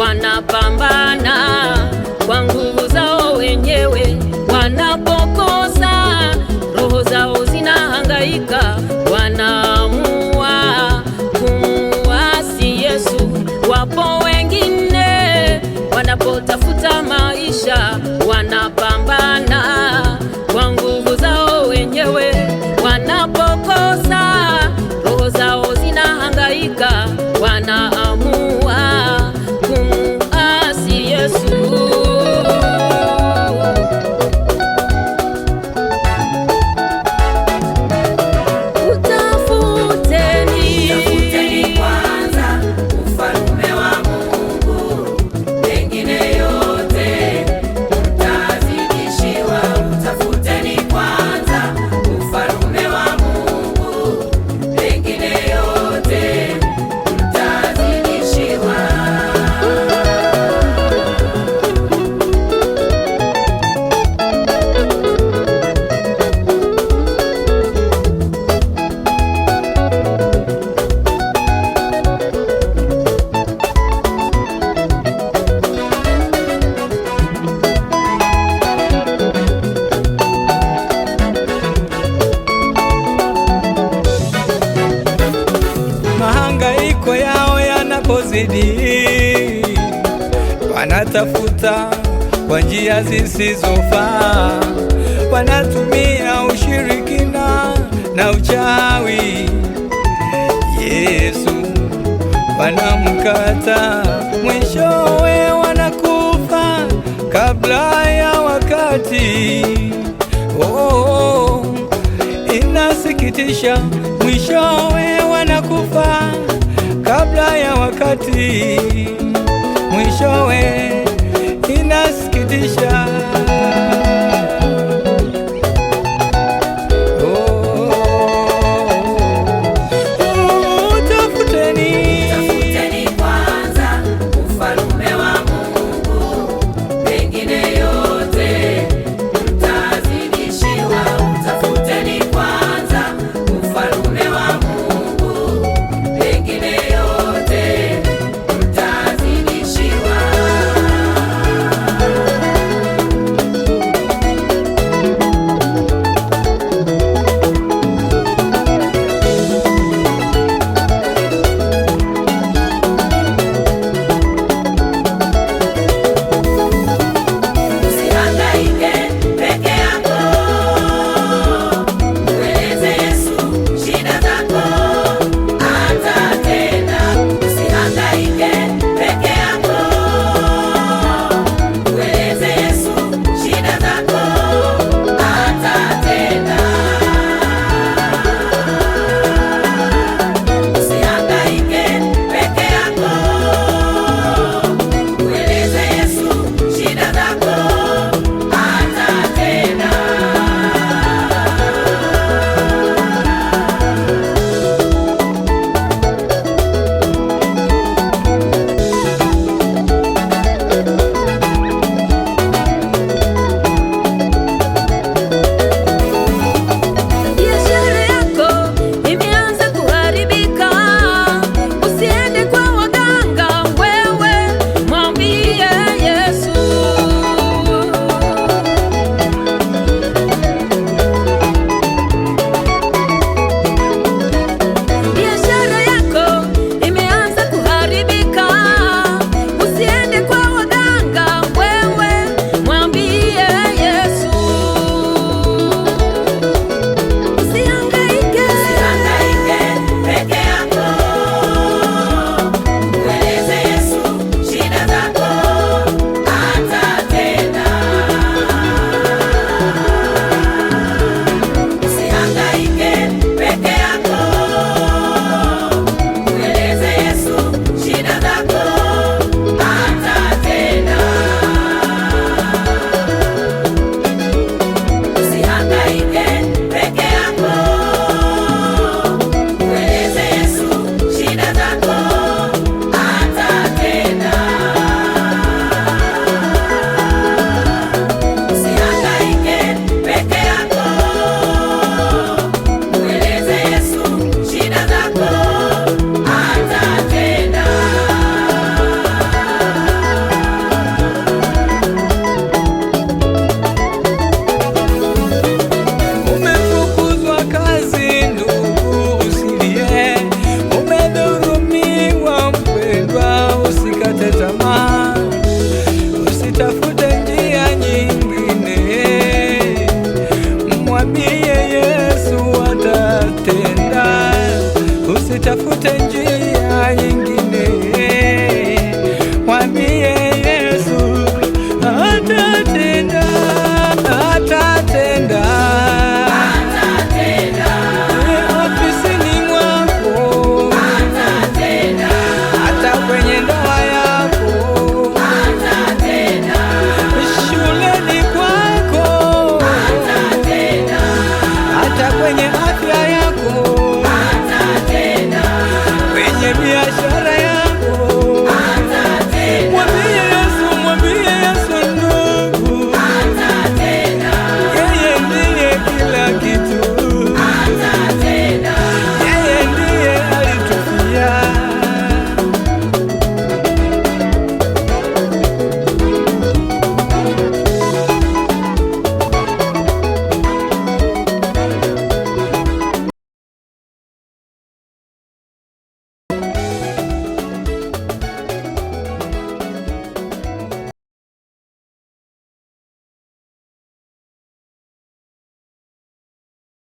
wanapambana kwa nguvu zao wenyewe, wanapokosa roho zao zinahangaika, wanaamua kumuasi Yesu. Wapo wengine wanapotafuta maisha, wanapambana kwa nguvu zao wenyewe, wanapokosa roho zao zinahangaika, wanaamua panapozidi, wanatafuta kwa njia zisizofaa, wanatumia ushirikina na uchawi. Yesu wanamkata, mwishowe wanakufa kabla ya wakati. oh, oh, inasikitisha mwishowe ya wakati, mwishowe inasikitisha.